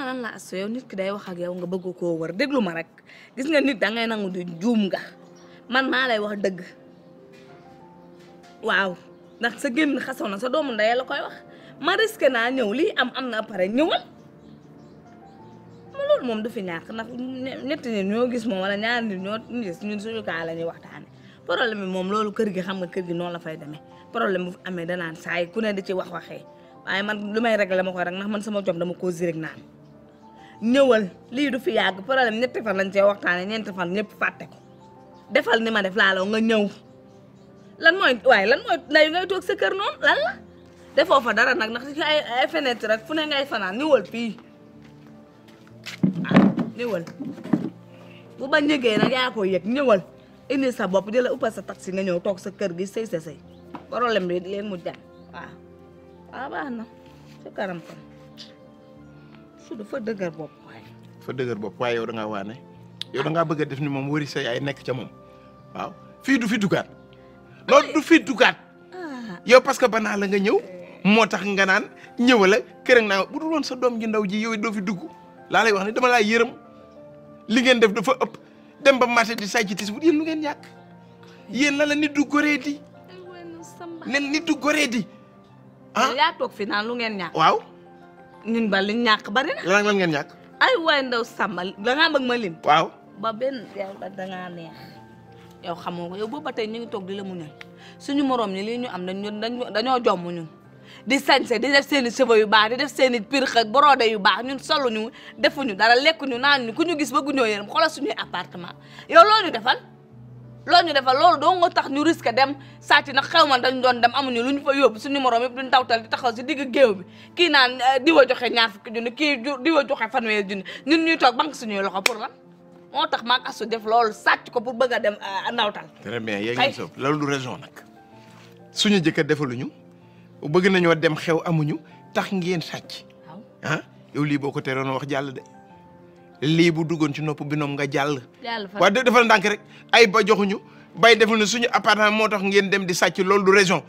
ma nan la nit ki day wax ak yow nga bëgg koo wër déglu ma rek gis nga nit dangay nangu di juum nga man maa lay wax dëgg waaw ndax sa génn xasaw na sa doomu ndey la koy wax ma naa ñëw lii am am na pare ñëwal ma loolu moom du fi ñàkk ñoo gis moom wala ñaari nit ñoo gis ñun suñu kaa la ñuy waxtaane problème bi moom loolu kër gi xam nga kër gi noonu la fay demee problème bu amee danaan saa yi ku ne di ci wax waxee waaye man lu may réglé ma koy rek ndax man sama jom dama ko zirig naan ñëwal lii du fi yàgg problème ñetti fan lañ cee waxtaanee ñeenti fan ñëpp fàtte defal ni ma def laaloo nga ñëw lan mooy waaye lan mooy nday ngay toog sa kër noonu la defoo fa dara nag ndax ci ay ay fenêtre rek fu ne ngay fanaan ñëwal fii ah ñëwal bu ba ñëgee nag yaa ko yëg ñëwal indi sa bopp di la uppal sa taxi nga ñëw toog sa kër gi sëy sey sëy problème bi leen mu jàpp waaw na su dafa dëgër bopp waaye. bopp waaye yow da ngaa waane yow da ngaa bëgg a def ni moom wëri sa yaay nekk ca moom waaw fii du fi dugaat loolu du fi dugaat ah. yow parce que banaa la nga ñëw moo tax nga naan ñëw la kër naa bu dul woon sa doom ji ndaw ji yow doo fi dugg laa lay wax ne dama laa yërëm li ngeen def dafa ëpp dem ba marché di say ci tis bu yéen lu ngeen yàq yéen la la nit du goree di nen di ah yaa toog fi naan lu ngeen ñun ba liñ ñàkk bari na. lan lan ngeen ñàkk. ay waay ndaw Samba da ngaa bëgg ma lim. waaw ba benn yow da ngaa neex yow xamoo ko yow boobu ba tey ñu ngi toog di la muñal suñu morom ñi lii ñu am dañu dañoo jomm ñun. di sañse di def seen i cheveux yu baax di def seen i perruque ak brodé yu baax ñun soluñu defuñu dara lekkuñu naan ñu ku ñu gis bëgguñoo yërëm xoolal suñuy appartement yow loo ñu defal. loolu ñu defal loolu doo nga tax ñu risque dem sàcc na xew ma dañ doon dem amuñu lu ñu fa yóbbu su numéro yëpp duñ dawtal di taxaw si digg géew bi kii naan eh, di wa joxe ñaar fukki junni kii di wa joxe fanweeri junni ñun ñuy toog banque suñuy pour lan moo tax maag asu def loolu sàcc ko pour bëgg a dem eh, ndawtal très bien yéen ngi soog loolu du raison nag suñu jëkkër defaluñu bëgg nañoo dem xew amuñu tax ngeen sàcc ah yow lii boo ko teroon wax jàll de lii bu duggoon ci nopp bi noom nga jàll. jàll fa waaye dafa ndànk rek ay ba joxuñu bay deful ne suñu appartement moo tax ngeen dem di sàcc loolu du raison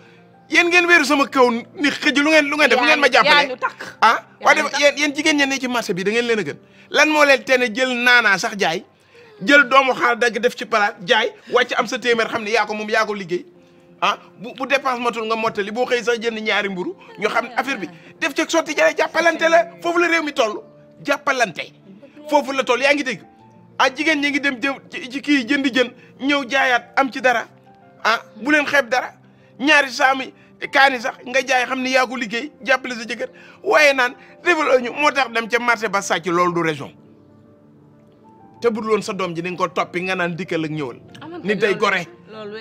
yéen ngeen wéeru sama kaw ni xëj lu ngeen lu ngeen def lu ma jàppale ah waaye dafa yéen yéen jigéen ña ne ci marché bi da leen gën lan moo leen teene jël naanaa sax jaay jël doomu xaal dagg def ci palaat jaay wàcc am sa téeméer xam ne yaa ko moom yaako liggéey ah bu bu dépense matul nga mottali boo xëy sax jënd ñaari mburu ñu xam ne affaire bi def ci sotti jare jàppalante la foofu la réew mi toll jàppalante foofu la toll yaa ngi dégg ah jigéen ñi ngi dem ci kii jënd jën ñëw jaayaat am ci dara a ah, bu leen xeeb dara ñaari saami kaani sax nga jaay xam ni yaa liggéey jàppale sa jëkkër waaye naan defal ñu moo tax dem ca marché ba sàcc loolu du raison te bu dul woon sa doom ji ni ko toppi nga naan dikkal ak ñëwal ni day gore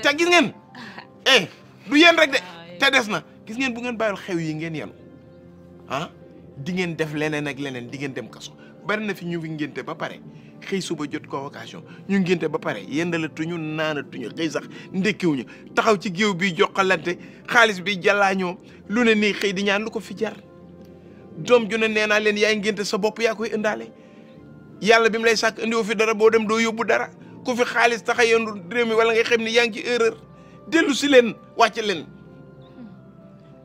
te gis ngeen eh du yéen rek de ah, te des na gis ngeen bu ngeen bàyyil xew yi ngeen yenu ah di ngeen def leneen ak leneen di ngeen dem kaso bari na fi ñu ngi ngénte ba pare xëy suba jot ko convocation ñu ngénte ba pare yendalatuñu naanatuñu xëy sax ñu taxaw ci géew bi joxalante xaalis bi jàllaañoo lu ne nii xëy di ñaan lu ko fi jar doom ju ne nee naa leen yaay ngénte sa bopp yaa koy indaale yàlla bi mu lay sàkk indiwoo fi dara boo dem doo yóbbu dara ku fi xaalis tax a yendu wala nga xam ni yaa ngi ci erreur dellu si leen wàcc leen hmm.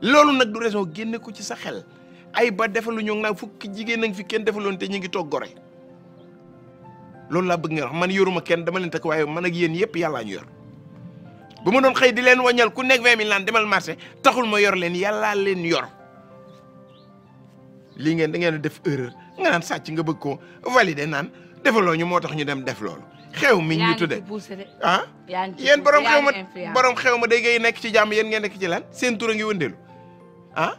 loolu nag génne ko ci sa xel ay ba defaluñu nag fukki jigéen nag fi kenn defaloon te ñu ngi togg gore loolu laa bëgg nga wax man yoruma kenn dama leen takk waaye man ag yéen yëpp yàllaa ñu yor bu ma doon xëy di leen wañal ku nekk vingt laan demal marché taxul ma yor leen yàllaa leen yor lii ngeen da ngeen def erreur nga naan sàcc nga bëgg ko de naan defaloo ñu moo tax ñu dem def loolu. xew mi ñu tudde ah yéen borom xew ma borom xew ma day ngay nekk ci jàmm yéen ngeen nekk ci lan seen tur a ngi wëndeelu ah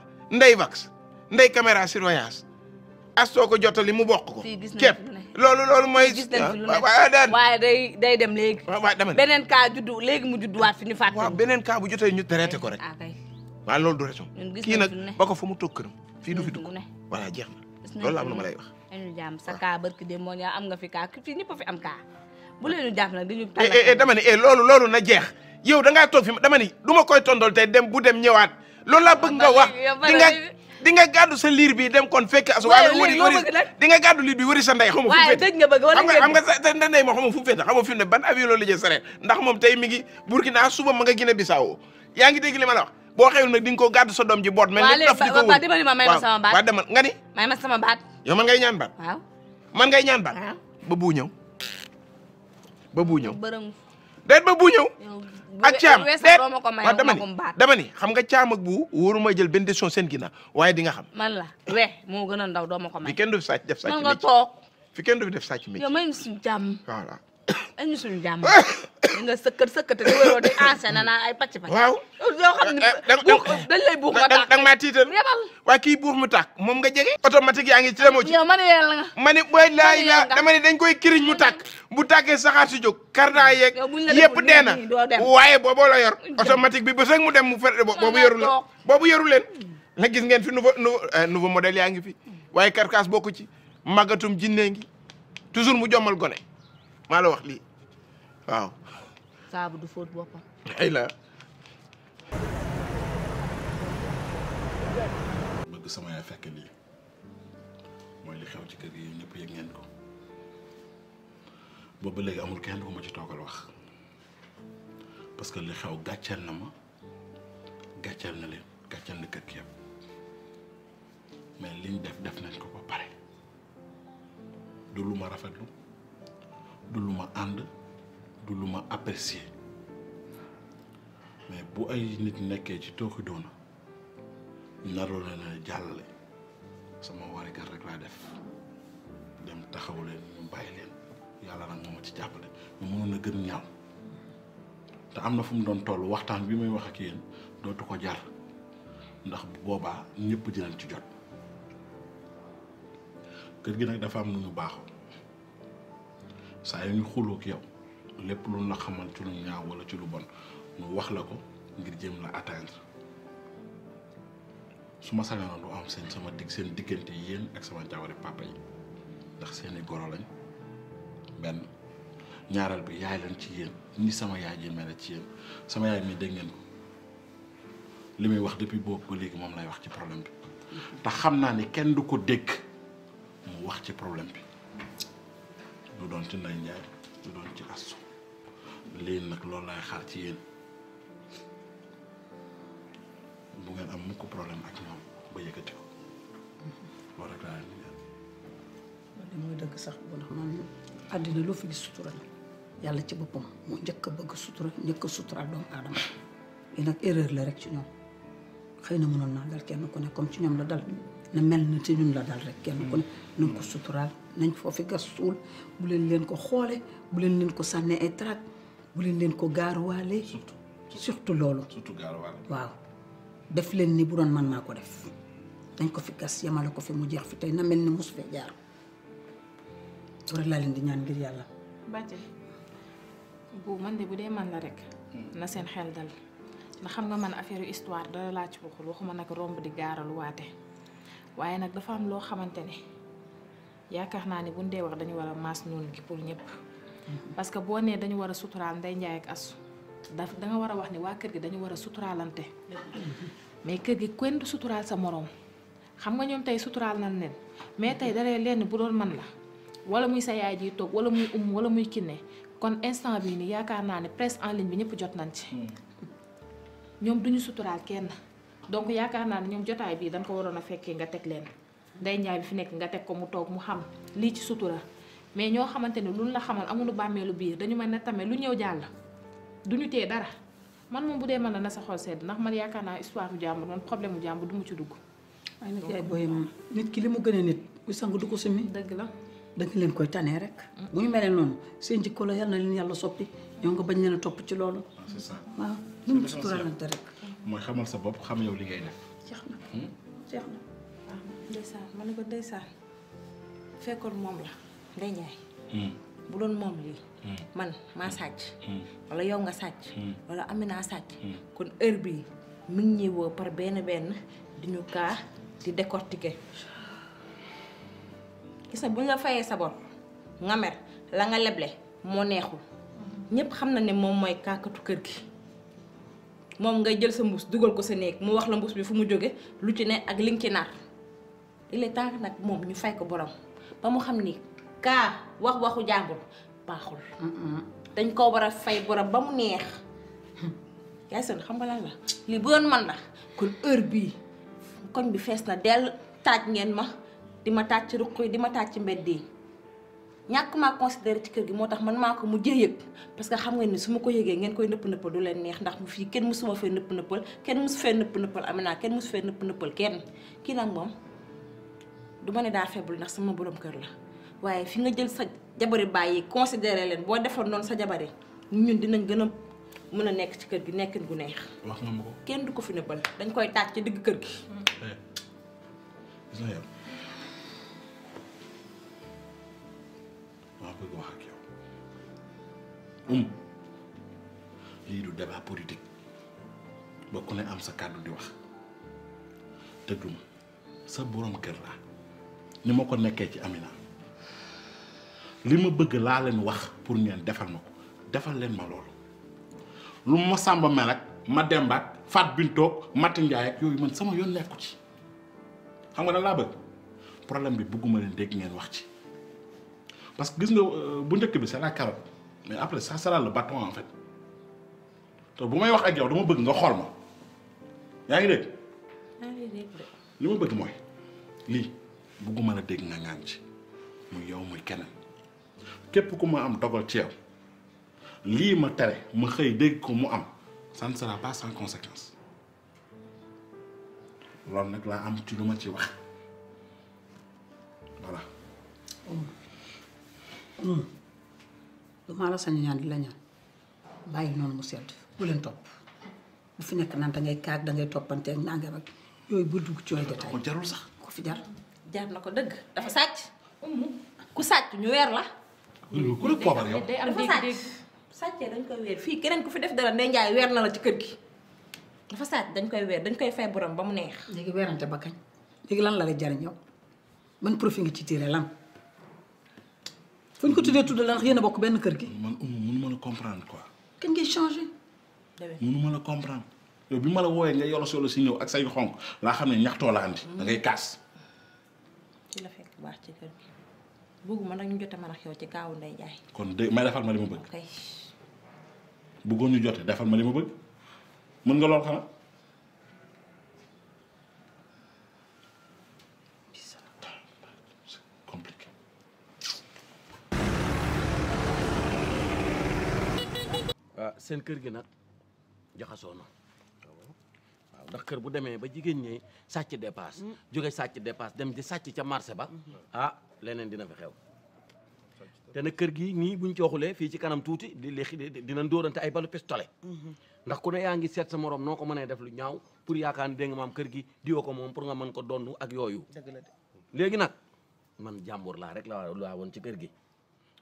ndey caméra surveillance as soo ko jotali mu bokk ko. képp loolu loolu mooy. gis nañ fi lu nekk waaye day day dem léegi. waaw mu judduwaat fi ñu fàttali. waaw beneen cas bu jotee ñu ko rek. Ah, waaw loolu du raison. kii nag ba ko fa mu toog këram. fii du fi dugg voilà jeex na loolu am na ma lay wax. dañu jàmm a fi am cas bu eh, eh, eh, na jeex yow da ngaa toog fi dama ni du ma koy tondol tey dem bu dem ñëwaat loolu laa bëgg nga wax di nga gàddu sa liir bi dem kon fekk as. waaye léegi loo bëgg liir bi wëri sa ndey. xamu fu mu féete nga bëgg wala moom xamu fu mu féete xamu fi ne ban avion la jël sareet ndax moom tey mi ngi Burkina suba ma nga Guinée Bissau yaa ngi dégg li ma la wax boo xewul nag di nga ko gàddu sa doom ji boot mel ni daf di ko wër waaw waaw demal nga ni may ma sama baat man ngay ñaan baat waaw man ngay ñaan ba bu ñëw ba déet ba bu ñëw. ak caam déet waaw dama ni dama ni xam nga caam ak bu wóoruma jël benn décision seen ginnaaw waaye di nga xam. man la we moo gën a ndaw doo ma ko may. fi kenn du fi sàcc def sàcc métier man nga toog. fi kenn du fi def sàcc métier. yow may ñu suñu jàmm. voilà. ay ñu suñu jàmm. li nga sëkkat sëkkat te wéroo ay pàcc pàcc. waaw yoo xam ne eh, eh, dañ lay buux ma tàkk. da nga maa tiital waaye kii mu tàkk moom nga jege. automatique yaa ngi ci demoo ci. yow ma ne ma ne booy laay la dama ne dañ koy kiriñ mu tàkk bu tàkkee saxaar si jóg. karna yeeg yëpp dee na waaye booboo la yor. automatique bi ba sëg mu dem mu fer boobu yoru la boobu yoru leen. la gis ngeen fi nouveau eh, nouveau modèle yaa ngi fi waaye karkaas bokku ci màggatum jinne ngi toujours mu jommal gone maa la wax lii saabu du fóot boppam ay bëgg sama yaay fekk lii mooy li xew ci kër gi yéen ñëpp yëg ngeen ko boobu léegi amul kenn ku ma ci toogal wax parce que li xew gàcceel na ma gàcceel na leen gàcceel na kër gi yëpp mais liñ def def nañ ko ba pare du lu ma rafetlu du lu ma ànd du lu ma apprécier mais bu ay nit nekkee ci tooxi doona naroo leen a jàllale sama warigar rek laa def dem taxaw leen ñu bàyyi leen yàlla nag moo ma ci jàppale mu mënoon a gën ñaaw te am na fu mu doon tollu waxtaan bi muy wax ak yéen dootu ko jar ndax bu boobaa ñëpp dinañ ci jot kër gi nag dafa am lu ñu baaxoo saa yu ñu xuloo ak lépp lu na xamal ci lu ñaaw wala ci lu bon ñu wax la ko ngir jëm la atteindre su ma sañoon du am seen sama dig seen diggante yéen ak sama jawari papa yi ndax seeni goro lañ benn ñaareel bi yaay lañ ci yéen ni sama yaay ji mel ci yéen sama yaay mi dégg ngeen ko li muy wax depuis boobu ba léegi moom lay wax ci problème bi te xam naa ni kenn du ko dégg mu wax ci problème bi du doon ci Ndeye Ndiaye du doon ci Astou léen nag loolu laay xaar ci yéen bu am mukk problème ak ñoom ba yëkkati ko loolu rek laa leen loolu mooy dëgg sax bu ndax man àddina loo fi gis sutura yàlla ci boppam moo njëkk a bëgg sutura njëkk a suturaal doomu aadama li nag erreur la rek ci ñoom xëy na mënoon naa dal kenn ku ne comme ci ñoom la dal na mel na ci ñun la dal rek kenn ku ne mm. nañ ko suturaal nañ foofi gas suul bu leen leen ko xoole bu leen leen ko sànnee ay tract bu leen leen ko gaaruwaale. surtout surtout loolu. surtout gaaruwaale waaw. def leen ni bu doon man naa ko def dañ ko fi gas yamale ko fi mu jeex fi tey na mel ni mos fee jaar loolu rek laa leen di ñaan yàlla. bàjje bu man de man la rek. Hmm. na seen xel dal xam nga man affaire histoire dara laa ci waxul waxuma nag romb di gaaral waate waaye nag dafa am loo xamante ne yaakaar naa ne buñ dee wax dañu war a maas noonu gi pour ñëpp. Mhm. parce que boo nee dañu war a suturaal Ndeye Ndiaye ak Asu daf da nga war a wax ni waa kër gi dañu war a suturaalante mhm. mais kër gi kenn du suturaal sa moroom xam nga ñoom tey suturaal nañ leen mais tey daree lenn bu doon man la wala muy sa yaay ji toog wala muy um wala muy kinne kon instant bi nii yaakaar naa ne presque en ligne bi ñëpp jot nañ ci hmm. ñoom duñu suturaal kenn donc yaakaar naa ne ñoom jotaay bii dañ ko waroon a fekkee nga teg leen Ndeye Ndiaye bi fi nekk nga teg ko mu toog mu xam lii ci sutura mais ñoo xamante ne luñ la xamal amuñu bàmmeelu biir dañu mel ne tamit lu ñëw jàll duñu tee dara man moom bu dee mën na na sa xol sedd ndax man yaakaar naa histoire u jàmbur man problème bu jàmbur du ci dugg. waaye nag yaay booy moom nit ki li mu gën a nit bu sangu du ko sumi dëgg la da leen koy tanee rek. Mm. bu ñu melee noonu seen jikko la yal na leen yàlla soppi ñoo nga bañ leen a topp ci loolu. c'est ça waaw lu mu turalante rek. mooy sa bopp xam yow li ngay def. jeex hmm? ma ne ko fekkoon moom la. Ndeye Ndiaye. Hmm. bu doon moom lii. Hmm. man maa sàcc. Hmm. walla yow nga sàcc. wala naa sàcc. kon heure bii mi ngi ñuy woo par benn benn di ñu kaa di décortiquer. gis na bu ñu la fayee sa nga mer la nga leble moo neexul ñëpp xam na ne moom mooy kàkkatu kër gi moom ngay jël sa mbuus dugal ko sa néeg mu wax la mbuus bi fu mu jóge lu ci ne ak li ci naar il est temps nag moom ñu fay ko borom ba mu xam ni. kaa wax waxu jàmbur baaxul. dañ koo war a fay borom ba mu neex. yaay sën xam nga lan la li bu man na kon heure bii koñ bi fees na dell taaj ngeen ma di ma taaj ci ruq yi di ma taaj ci mbedd yi ñàkk maa considéré ci kër gi moo tax man maa ko mujjee yëg parce que xam ngeen ni su ma ko yëgee ngeen koy nëpp nëppal du leen neex ndax mu fii kenn musuma fee nëpp nëppal kenn musu fee nëpp nëppal Amina kenn musu fee nëpp nëppal kenn kii nag moom du ma ne daa faible ndax sama borom kër la waaye fi nga jël sa jabari bàyyi considéré leen boo defoon noonu sa jabari ñun dinañ gën a mën a nekk ci kër gi nekkin gu neex. wax nga ma kenn du ko fi nëbbal dañ koy taaj ci digg kër gi. Eh, gis nga yow um, lii du débat politique ba ku ne am sa kàddu di wax te sa borom kër laa ni ma ko nekkee ci Amina. li ma bëgg laa leen wax pour ngeen defal ma ko defal leen ma loolu lu ma sàmba mel ma demb ak Fat Bintoog Mati Njaay ak yooyu man sama yoon nekku ci xam nga da laa bëgg problème bi bëgguma leen dégg ngeen wax ci parce que gis nga euh, bu njëkk bi c'est la mais après ça sera le bâton en fait te bu may wax ak yow dama bëgg nga xool ma yaa ngi dégg li ma bëgg mooy lii bëgguma la dégg nga ŋaan ci muy yow muy keneen képp ku ma am dogal ci yow lii ma tere ma xëy dégg ko mu am ça ne sera pas sans conséquence loolu nag laa am ci lu ma ci wax voilà. Mm. Mm. lu maa la sañ ñaan di la ñaan bàyyi noonu mu sedd bu leen topp bu fi nekk naan dangay kaag dangay toppante ak nangam ak yooyu bu dugg ci yooyu détail ko jarul sax ko fi jar. jaar na ko dëgg dafa sàcc ku sàcc ñu weer la. ku la poobar yow day am dañ koy weer fii keneen ku fi def dara Ndeye Ndiaye weer na la ci kër gi dafa sàcc dañ koy weer dañ koy fay borom ba mu neex léegi weerante ba kañ léegi lan la lay jariñ yow man profit nga ci tiire lan fu ñu ko tuddee tudd la ndax yéen a bokk benn kër gi man umu mënuma la comprendre quoi kañ ngay changé mënuma la comprendre yow bi ma la wooyee nga yolo solo si ñëw ak say xonq laa xam ne ñaxtoo la andi da ngay kaas ci la fekk ma nag ñu jote man ak yow ci kaaw Ndeye Ndiaye. kon de defal ma li ma bëgg. kay bëggoon ñu jote defal ma li nga lool xanaa. Ah, seen kër gi nag jaxasoo na waaw ndax kër bu demee ba jigéen ñi sàcc dépasse mm. jóge sàcc dépasse dem di sàcc ca marché ba mm-hmm. ah, leneen dina fi xew te na kër gi nii buñ cooxulee fii ci kanam tuuti di léegi dinañ dóorante ay balu pistolet mhm. ndax ku ne yaa ngi seet sa moroom noo ko mënee def lu ñaaw pour yaakaar ni dégg nga maam kër gi diwoo ko moom pour nga mën ko donn ak yooyu léegi nag man jàmbur laa rek la laa woon ci kër gi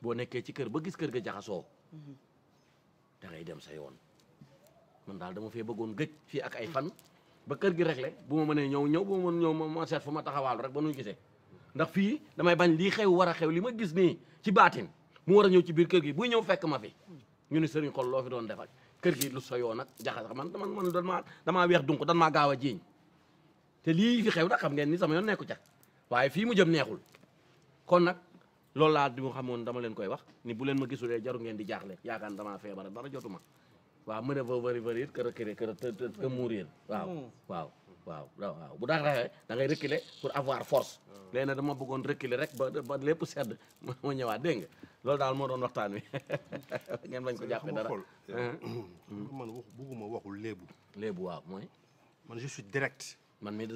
boo nekkee ci kër ba gis kër gi jaxasoo mhm. da ngay dem sa yoon man daal dama fee bëggoon gëj fii ak ay fan ba kër gi rek le bu ma mënee ñëw ñëw bu ma mën ñëw ma seet fu ma taxawaalu rek ba nuñ gisee ndax fii damay bañ lii xew war a xew li ma gis nii ci baatin mu war a ñëw ci biir kër gi buy ñëw fekk ma fi ñu ne sëriñ xol loo fi doon defal kër gi lu soyoo nag jaxas man man man damaa damaa weex dunk dan maa gaaw a jiiñ te lii fi xew nag xam ngeen ni sama yoon nekku ca waaye fii mu jëm neexul kon nag loolu laa di mu xamoon dama leen koy wax ni bu leen ma gisulee jaru ngeen di jaaxle yaakaar damaa feebar dara jotu ma waaw mën a fa bëri bëri it kër a kër a waaw waaw bu daan rawee da ngay reculer pour avoir force ah. léegi nag dama bëggoon reculer rek ba ba lépp sedd ma ñëwaat dégg nga loolu daal moo doon waxtaan wi ngeen bañ ko jàppee dara ah. man wax bëgguma waxul léebu léebu waaw mooy man je suis direct man mii da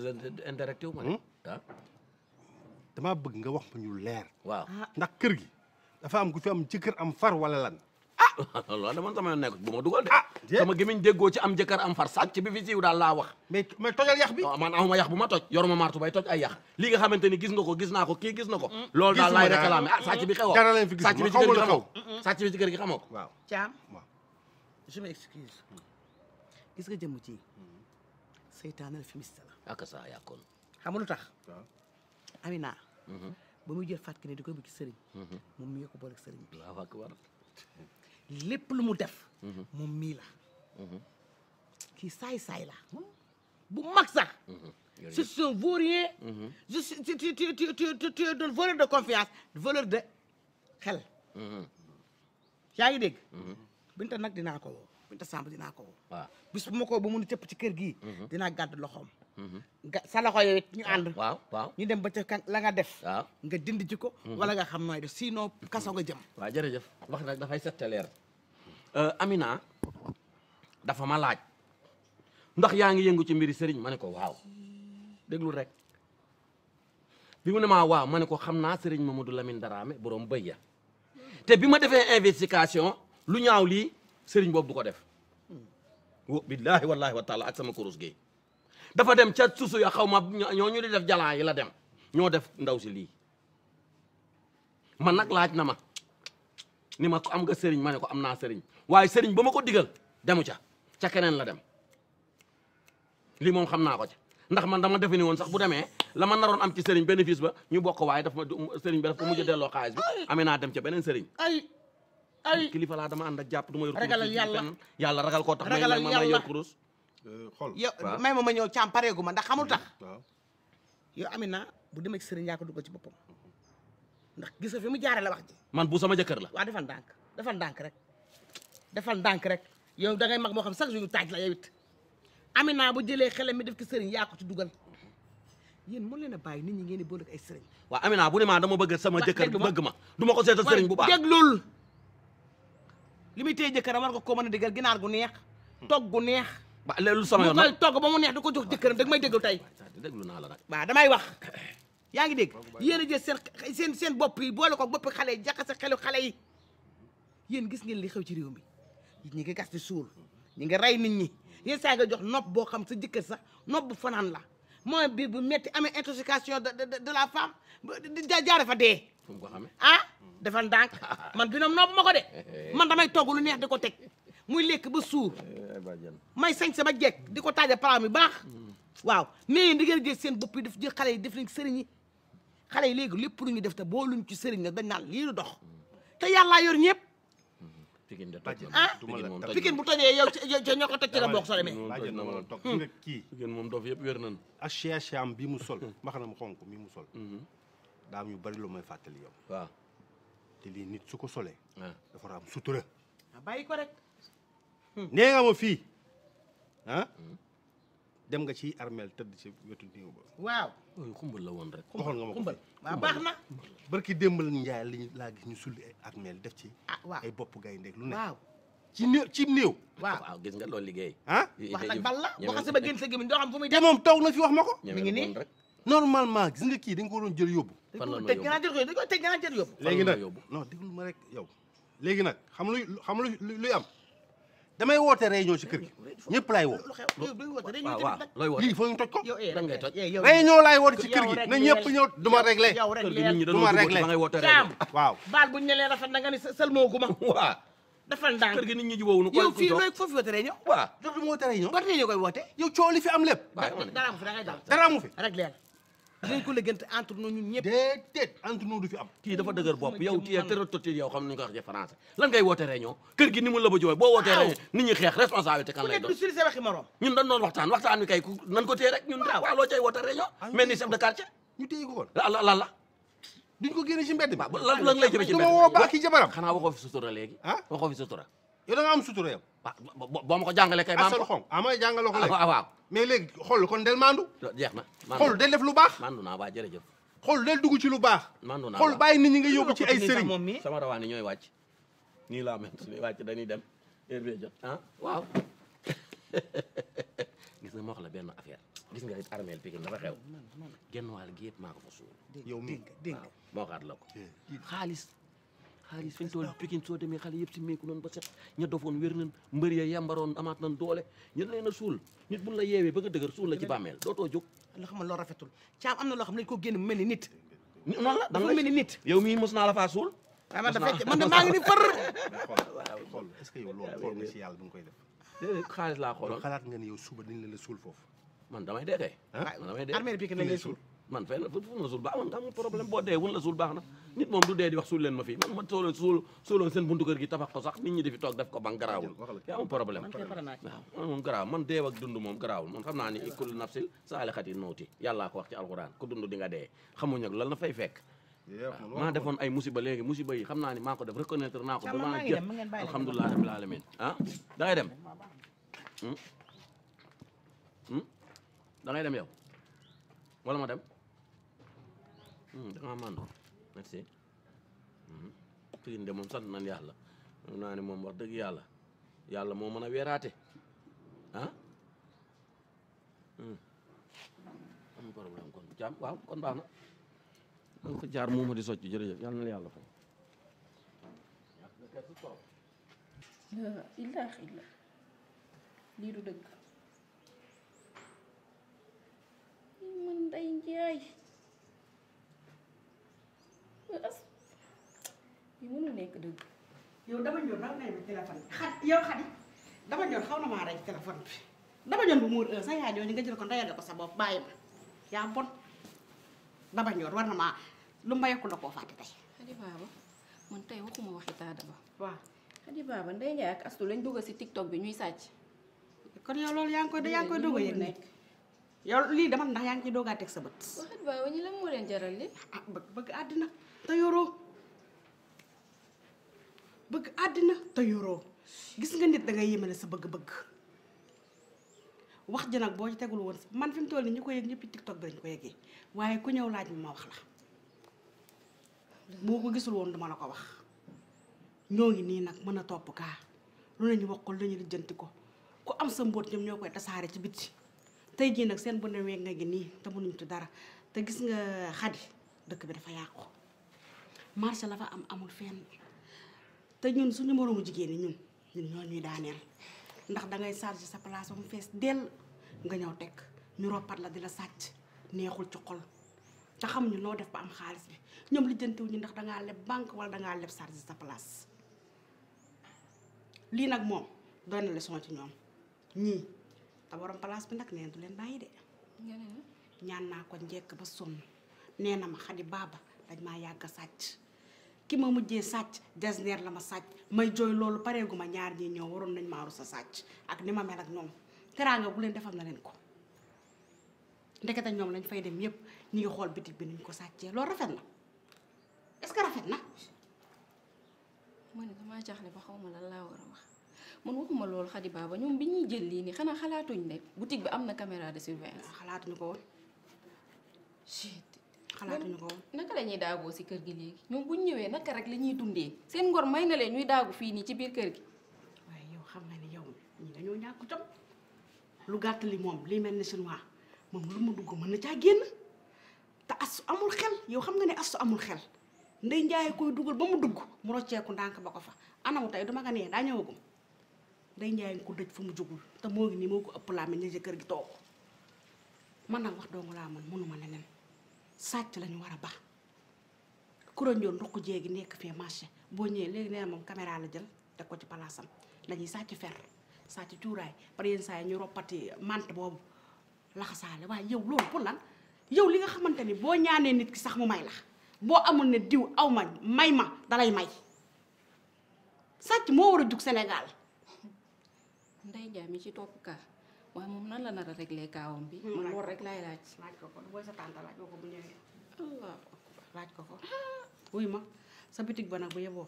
indirect wu ma ne hmm? ah bëgg nga wax ma ñu leer waaw ah. ndax kër gi dafa am ku fi am jëkkër am far wala lan ah loolu de man sama yoon nekk bu ma dugal de. ah sama gémmiñ déggoo ci am jëkkër am far sàcc bi fi siiw daal laa wax. mais mais tojal yax bi. man amuma yax bu ma toj yoruma martu bay toj ay yax lii nga xamante ni gis nga ko gis naa ko kii gis na ko. Mm. loolu daal laay réclamé ah sàcc bi xewoo. dara leen fi gis ma xaw ma la xaw mm. sàcc bi ci kër gi xamoo ko waaw Thiam je m'excuse mm. gis nga jëmm ji seytaane la fi mista la. ak saa yàkkoon. xam nga lu tax. Amina. Mm-hmm. ba muy jël fàtt ki ne di ko bëgg sëriñ. Mm-hmm. moom mi ngi ko boole sëriñ bi. lépp lu mu def. Mhm. moom mii la. Mhm. kii saay saay la bu mag sax. si tu ne vaux rien. je suis mhm. tu tu tu tu tu tu es un voleur de confiance voleur de xel. yaa ngi dégg. Binta nag dinaa ko woo Binta Samb dinaa ko woo. waaw bis bu ma ko woo ba mu tëpp ci kër gii. dinaa gàddu loxoom. ga sa loxo yooyu ñu ànd. Ah, waaw waaw ñu dem ba ca kan la nga def. waaw nga dindi ci ko. wala nga xam nooy def sinon kaso nga jëm. waaw jërëjëf wax nag dafay set leer. Euh, Amina dafa ma laaj ndax yaa ngi yëngu ci mbiri sëriñ ma ne ko waaw déglu rek bi mu ne maa waaw ma ne ko xam naa sëriñ Mamadou Lamine Daraame borom bëy ya te bi ma defee investigation lu ñaaw lii sëriñ boobu du ko def billaahi wallaahi wa taala ak sama kurus gi dafa dem ca susu ya xaw ma ñoo ñu di def jalaa yi la dem ñoo def ndaw si lii man nag laaj na ma ni ma ko am nga sëriñ ma ne ko am naa sëriñ waaye sëriñ ba ma ko digal demu ca ca keneen la dem lii moom xam naa ko ca ndax man dama defe ni woon sax bu demee la ma naroon am ci sëriñ bénéfice ba ñu bokk waaye daf ma sëriñ bi daf ko mujj delloo xaalis bi naa dem ca beneen sëriñ ay ay kilifa laa ak jàpp du ma yor ragalal yàlla yàlla ragal koo tax ragalal yàlla ma yor kurus euh, xool yow may ma ma ñëw caam pareegu ma ndax xamul mm-hmm. tax yow bu demee ci sëriñ ko ci boppam ndax gis nga fi mu jaare wax ji man bu sama jëkkër la defal ndànk defal ndànk rek defal ndànk rek yow da ngay mag moo xam chaque jour ñu taaj la yow it Amina bu jëlee xelam mi def ko sëriñ yaa ko ci dugal yéen mën leen a bàyyi nit ñi ngeen di boole ak sëriñ waaw Amina bu ne maa dama bëgg sama jëkkër bëgg ma du ma ko seetal sëriñ bu baax déglul li muy téye jëkkëram war nga koo mën a digal ginaar gu neex togg gu neex ba loolu sama yoon nag togg ba mu neex da ko jox jëkkëram dag may déglu tey déglu naa la nag waaw damay wax yaa ngi dégg yéen a jël seen seen seen bopp yi boole ko bopp xale yi jaxase xelu xale yi yéen gis ngeen li xew ci réew mi ñi ngi gas di suul ñi ngi rey nit ñi yenn saa nga jox nopp boo xam sa jëkkër sax nopp bu fanaan la mooy bi bu metti amee intoxication de de la femme jaare fa dee ah defal ndànk man binoom nopp ma ko de eh. man damay togg lu neex di ko teg muy lekk ba suur eh, may sañ sama jeg di ko taaja palaam yu baax hmm. waaw mais di ngeen jël seen bopp yi def jël xale yi def nañ sëriñ yi xale yi léegi lépp lu ñu def te boo luñ ci sëriñ nag dañ naan lii lu dox hmm. te yàllaa yor ñëpp pikin de toj na ah! moom pikin bu tojee yow ca ñoo ko toj ci la bokk sole mi bàjjen na ma toog nga kii ah, mu sol mm-hmm. mbaxanam xonk mi mu sol mm-hmm. daa am yu bari lu may fàttali yow waaw te lii nit su ko solee ah. dafa war a am sutura bàyyi ko rek hmm. nee fii ah mm-hmm. dem nga ci armeel tëdd ci waaw yooyu xumbal la woon rek. waxoon nga ma ko waaw baax na. barki njaay li laa gis ñu sulli ay armeel def ci. ah waaw ay bopp gay lu ne. waaw ci néew ci néew. waaw ah, gis nga loolu liggéey. ah wax nag bal la boo xasee ba génn sa gémmiñ doo xam fu muy. te moom taw na fi wax ma ko. mi ngi nii normalement gis nga kii dañ ko waroon jël yóbbu. fan la ñu yóbbu dañ ko teg gannaaw jël yóbbu. léegi nag non déglu ma rek yow. léegi nag xam lu xam lu luy am damay woote réunion ci kër gi ñëpp laay woo. waaw waaw looy eh, eh, na ñëpp na nga ni sëlmoo gu ma. waaw yow fii looy foofu woote dama woote réunion. ban réunion koy yow coow li am lépp. dara amu fi da dinañ ko lëggante entre nous ñun ñëpp déedéet entre nous du fi am kii dafa dëgër bopp yow tie teratotil yow xam nañu ko wax ci français lan ngay woote gi ni mu la ba jooy boo wootee réunion nit ñi xeex responsabilité kan lay doon su sa waxi morom ñun dañ doon waxtaan waxtaan wi kay ku nan ko téye rek ñun daa waaw loo cay woote réunion ah, ni chef de quartier ñu téye ko la la la duñ ko génne ci mbedd mi lan lan lay fi sutura léegi ah waxoo fi sutura am ah boo ma ko jàngalee kay. maam ko xonk ah mooy jàngaloo ko léegi ah waaw. mais léegi xool kon del maandu. jeex na maandu xool del def lu baax. maandu naa waa jërëjëf. xool del dugg ci lu baax. maandu naa xool bàyyi nit ñi nga yóbbu ci ay sëriñ. sama rawaan yi ñooy wàcc. nii laa mel ni wàcc dañuy dem heure bee jot ah waaw. gis nga ma wax la benn affaire gis nga it armeel Pikine dafa xew. genn wàll gi yëpp maa ko fa suul. yow mii dégg nga dégg nga moo xaat la ko xaalis xaalis fi ñu toll pikin soo demee xale yëpp si meeku noonu ba set ña dofoon wér nañ mbër ya yàmbaroon amaat nañ doole ñu leen a suul nit buñ la yeewee ba nga dëgër suul la ci bàmmeel dootoo jóg loo xam ne loo rafetul caam am na loo xam ne dañ ko génn mu mel ni nit noonu la dafa mel ni nit yow mii mos naa la faa suul waaw ah, man dafa man de maa ngi ni far xool est-ce que yow loolu xool nga si yàlla bu nga koy def déedéet xaalis laa xooloon xalaat nga ne yow suba dañ la la suul foofu man damay deekee ah? man damay dee armée bi nañ lay suul man fenn fu fu ma suul baax man nga boo dee wun la suul baax na nit moom du dee di wax suul leen ma fii man ma sooleen suul suuloon seen buntu kër gi tabax ko sax nit ñi di fi toog def ko ban garaawul yaa amul problème waaw man moom garaawul man dee ak dund moom garaawul man xam naa ni kullu nafsin saalixatin mawti yàllaa ko wax ci alxuraan ku dund di nga dee xamuñ nag lan la fay fekk maa defoon ay musiba léegi musiba yi xam naa ni maa ko def reconnaître naa ko damaa jëf alhamdulilah rabbil alamin ah da dem hmm? Hmm? da ngay ma dem dama mm. ah, màndu merci mm. Pikine de moom sant nañ yàlla moom naa ne moom wax dëgg yàlla yàlla moo mën a weeraate ah mm. am problème kon jaam waaw kon baax na man ko jaar mooma di socc jërëjëf yàlla na la yàlla fay illaa xilla lii du man day njaay yu mënul nekk dëgg. yow dama ñor nag nañ ma téléphone bi xat yow xadi dama ñor xaw na maa rey téléphone bi dama ñor bu muur heure sa yaay jooju nga jël ko ndeyale ko sa bopp bàyyi ma yaa bon dama ñor war na maa lu ma yokk la koo fàtte tey. xadi baaba man tey waxuma waxi taada ba. waaw xadi baaba Ndeye Ndiaye ak Astou lañ dugg si tiktok bi ñuy sàcc. kon yow loolu yaa ngi koy yaa ngi koy doog a yëg nekk. yow lii dama ndax yaa ngi ciy doog teg sa bët. waxat baaba ñi lan moo leen jaral li ah àddina. te bëgg àddina te yoroo gis nga nit dangay ngay yemale sa bëgg-bëgg wax ji nag boo tegul woon man fi mu toll nii ñu ko yëg ñëpp tiktok bi dañu ko yëgee waaye ku ñëw laaj mi ma wax la moo ko gisul woon duma la ko wax ñoo ngi nii nag mën a topp kaa lu ne ñu wax ko lu ñu lijjanti ko ku am sa mbóot ñoom ñoo koy tasaare ci biti tey jii nag seen bu ne nga ngi nii te mënuñu ci dara te gis nga xadi dëkk bi dafa yàqu marché la fa am amul fenn te ñun su suñu moroomu jigéen ñi ñun ñun ñoo ñuy daaneel ndax dangay chargé sa palaas ba mu fees dell nga ñëw teg ñu roppat la di la sàcc neexul ci xol te xamuñu loo def ba am xaalis bi ñoom lijjantiwuñu ndax dangaa leb banque wala dangaa leb chargé sa place lii nag moom doy na leçon ci ñoom ñii te borom place bi nag neen du leen bàyyi de ñaan naa ko njekk ba sonn nee na ma xadi baaba dañ maa yàgg a sàcc ki ma mujjee sàcc desneer la ma sàcc may jooy loolu pareegu ma ñaar ñi ñëw waroon nañ maaru sa sàcc ak ni ma mel ak ñoom teraanga bu leen defal na leen ko ndekete ñoom lañ fay dem yépp ñi xool bitig bi nuñ ko sàccee loolu rafet na est-ce que rafet na ma ne xaw ma lan laa war a wax man waxuma loolu xadi baaba ñoom bi ñuy jël lii xalaatuñ ne boutique bi am na caméra de surveillance xalaatuñu ko woon xalaatuñu ko woon naka lañuy daagoo si kër gi léegi ñoom bu ñu ñëwee naka rek la ñuy dundee seen ngor may na leen ñuy daagu fii nii ci biir kër gi waaye yow xam na ni yow ñi dañoo lu gàtt moom li mel ni chinois moom lu mu dugg mën na caa xam nga ne asu amul xel ndey njaay koy dugal ba mu dugg mu rocceeku ndànk ba ko fa anamu tey duma nga nee daa ñëwagum ndey njaay nga ko dëj fu mu jugul te moo ngi nii moo ko ëpp laa mel ni ci kër gi toog man nag wax dong laa mën mënuma leneen sàcc lañu war a ba kuranjoon nduq jéegi nekk fee marché boo ñëwee léegi nee moom caméra la jël te ko ci palaasam dañuy sàcc fer sàcc cuuraay par yenn saa yi ñu roppati mante boobu laxasaale waaye yow loolu pour lan yow li nga xamante ni boo ñaanee nit ki sax mu may la boo amul ne diw aw ma may ma dalay may sàcc moo war a jug senegal Ndeye Ndiaye mi ci topp ka waa moom nan la nar a réglé gaawam bi. man loolu rek laay laaj. laaj ko ko booy sa tante ko ko bu laaj ko ko. Ah! wuy ma sa bitig ba nag bu yeboo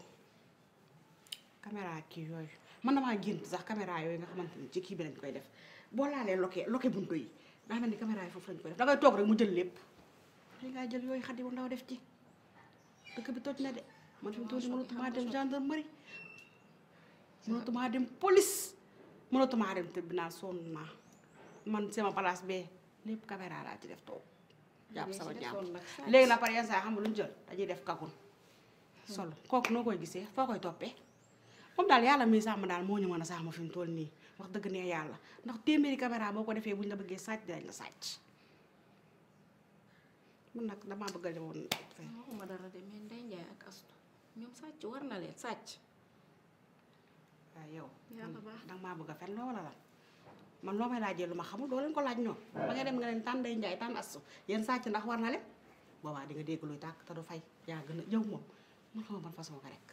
caméra kii yooyu man damaa gént sax caméra yooyu nga xamante ni ci kii bi lañ koy def boo laalee loke loke buntu yi daa mel ni caméra yi foofu lañ koy def dangay toog rek mu jël lépp. li ngaa jël yooyu xadi bu ndaw def ci dëkk bi toj na de man fi mu toll nii mënatumaa dem gendarmerie mënatumaa dem police. mënatumaa dem tribunal sonn naa man sama place bee lépp caméra laa ci def toog jàpp sama jàpp léegi na par yenn saa xam nga lu ñu dañuy def kagun solo kooku noo koy gisee foo koy toppee moom daal yàlla muy sàmm daal moo ñu mën a sàmm fi mu toll nii wax dëgg ne yàlla ndax téeméeri caméra boo ko defee bu ñu la bëggee sàcc dinañ la sàcc mun nag damaa bëgg a woon waxuma dara de sàcc war na leen sàcc waaye yow. yàlla baax danga ma bëgg a fen loo wala lan. man loo may laajee lu ma xamul doo leen ko laaj ñoom. ba nga dem nga leen tànn day njaay tànn astu yéen sàcc ndax war na leen. boobaa di nga dégg luy tàkk te du fay yaa gën a yow moom man ma ban façon ko rek.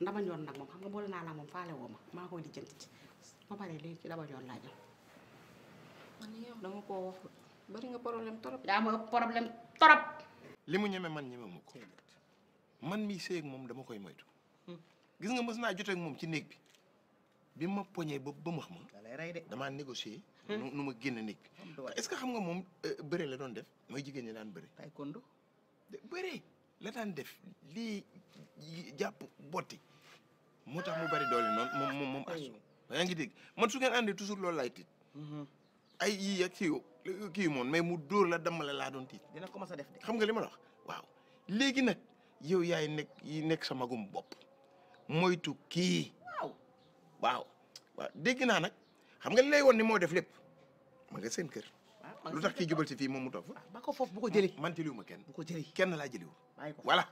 ndama ñoon nag moom xam nga boole naa la moom faale woo ma maa koy lijjanti ci ma pare léegi ci dama ñoon laajal. man yow dama koo waxul bari nga problème torop. yaa ma ëpp li mu ñeme man ñeme mu ko man mii séy ak moom dama koy moytu. Hmm. gis nga mës naa jotee ak moom ci néeg bi bi ma poñee ba ba bo ma. da lay rey de damaa négocier. Hmm. nu ma génn néeg bi. est-ce que xam nga moom euh, bëre la doon def. mooy jigéen ñi daan bëre. taekwondo. bëre la daan def lii jàpp botti moo tax mu bari doole noonu moom moom moom asu. yaa ngi dégg man su ngeen àndee toujours loolu laay tiit. Hmm. ay yii ak kii kii moom mais mu dóor la dammale laa doon tiit. dina commencé def de. xam nga li ma la wax waaw léegi nag yow yaay nekk yi nekk sama gum bopp kii. waaw waaw dégg naa nag xam nga li lay woon ni moo def lépp ma nga seen kër. lu tax kii jubal si fii moom mu toog fa. Ah, ba ko foofu bu ko jëlee. man jëliwuma kenn bu ko jëlee kenn laa jëliwul. bàyyi ko voilà.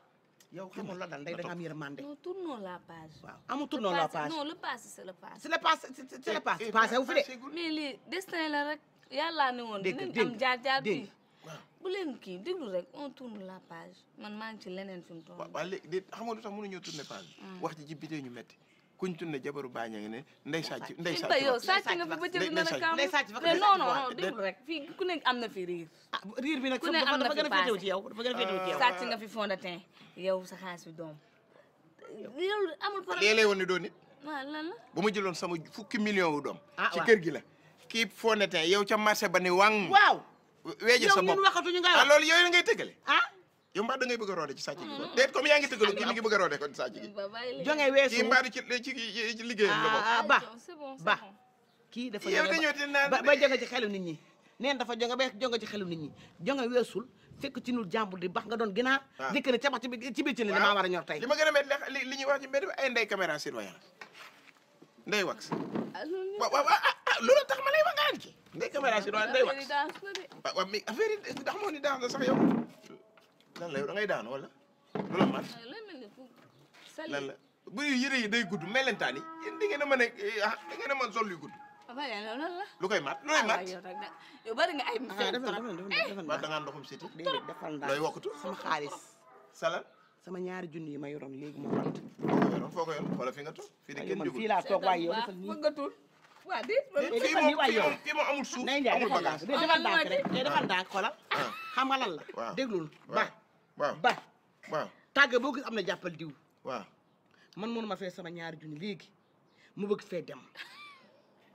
yow xamul la dal day da nga am yërmande. non tournons la page. waaw amul tournons la page non le passé c'est le passé. c'est le passé c'est le passé eh, passé wu fi de. mais lii destin la rek yàlla ne woon. dinañ am jaar-jaar bi bu leen kii déglu rek on tourne la page man maa ngi ci leneen fi mu toll. waaw waaw léegi de xam nga lu tax mënuñoo tourner page. Hmm. wax ji ci bitee ñu metti kuñ tunne jabaru bàyyi ña nga ne ndey sàcc ndey sàcc yow sàcc nga fi bëccëg na kam non non non déglu rek fii ku ne am na fi riir ah, riir bi na fi féetewu ci yow a féetewu ci fi fond de teint yow sa xaalis doom yow amul problème la ba ma jëloon sama fukki million wu doom ah, ci kër gi la kii fond de teint yow ca marché ba ni wàng waaw weeje sa bopp waxatuñu nga ah, loolu yooyu yow mbaa da ngay a roode ci sàcc gi mm-hmm. kon déet a roode kon sàcc gi jonge weesu ah, ah, ba ba kii dafa yow dañoo te naan ba jonge ci xelu nit ñi neen dafa jonge ba jonge ci xelu nit ñi fekk ci nul jàmbur di bax nga doon ginaar ah. dikk ne cabax ci biir ci ne damaa war a ñor tey li ma gën a met li ñuy wax ci mbedd bi ay ndey caméra surveillance ndey wax waaw waaw ah loolu tax ma lay wax nga lan la yow da ngay daanu wala du la man lan la bu yére yi day gudd melentaan yi yéen da ngeen a mën a eh, ah, da ngeen a mën sol yu gudd. Ah, lu koy mat lu koy mat. Ah, yow bari nga ay defal defal eh! da ngaa ndoxum siti defal ndax looy wokkatu sama xaalis. salal sama ñaari junni yi ma yoroon léegi moo mat. foo ko yoroon wala fi nga toog. fii de kenn fii laa toog waaye yow defal nii fëggatul. waa déet fii moom amul suuf amul bagage. defal ndànk rek defal ndànk xoolal xam nga lan la déglul ba waaw ba. waaw tàgg boo gis am na jàppal diw. waaw man mënuma ma sama ñaari junni léegi mu bëgg fee dem.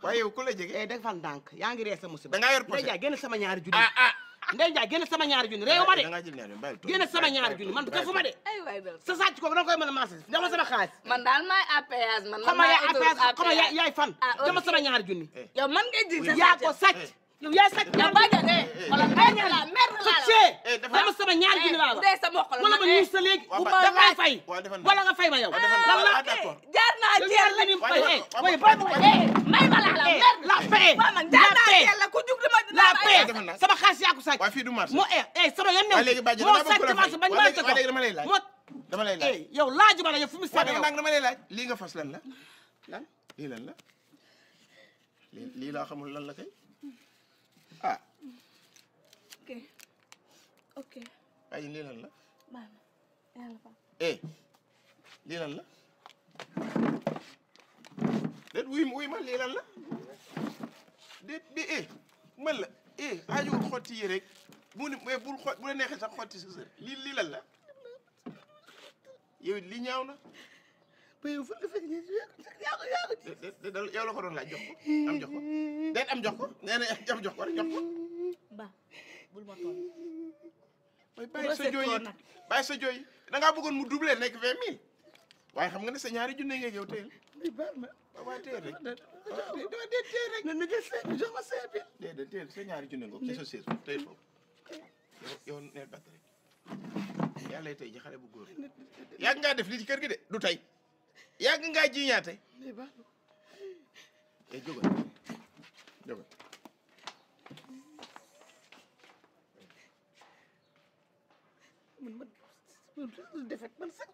waaye yow ku la jege. Eh, dafa yaa ngi ree sa musiba. da ngaa yor poche génn sama ñaari junni. ah ah Ndeye Ndiaye génn ñaari junni réew ma de. da man defuma de. ay waay sa sàcc kooku da nga koy mën a maase def ma sama xaalis. man daal maay APS man. man maay APS xam nga yaay fan. dama ah, sama ñaari junni. Eh. yow man ngay sa ko sàcc yow yaa sax yow bàjjal de wala eh, bàjjal la mer la la eh, dama laa la sa mokk la wala sa léegi da ngay fay wala nga fay ma yow ah, lan la ah, eh, jaar naa teer la ñu fay eh way ba ma eh may ma la la mer la paix jaar naa teer la ku jug dama la sama xaalis yaa ko sàcc waa fii du marché moo eh eh sama ma ko dama lay laaj dama laaj yow laajuma la yow fu mu seet yow lii nga fas lan la lan lii lan la lii laa lan la kay ah. ok ok. ay ah, lii la. baax eh lii la. déet wi wuy ma lii la. déet bi eh man la eh aajowul xotti yi rek mu ne bul xo bu la neexee sax xotti sa sër lii lii lan la yow it lii ñaaw na. yow e fu la fekk yaa ko yaa ko yow la ko doon laaj jox ko am jox ko déet am jox ko nee na am jox ko rek jox ko. ba bul ma toll. mooy bàyyi sa jooy yi bàyyi sa jooy yi da ngaa bëggoon mu doublé nekk vingt mille waaye xam nga ne sa ñaari junne ngay yow teel. di baal ma waaw teel rek waaw teel teel rek. na na jël cinq jox ma cinq mille. déedéet teel sa ñaari junne nga ko ci sa sees teel foofu yow neel bàtt rek yàlla tey ji xale bu góor yàgg ngaa def lii ci kër gi de du tey. yàgg ngaa ji ñaate e jógal jógal man man defet man sax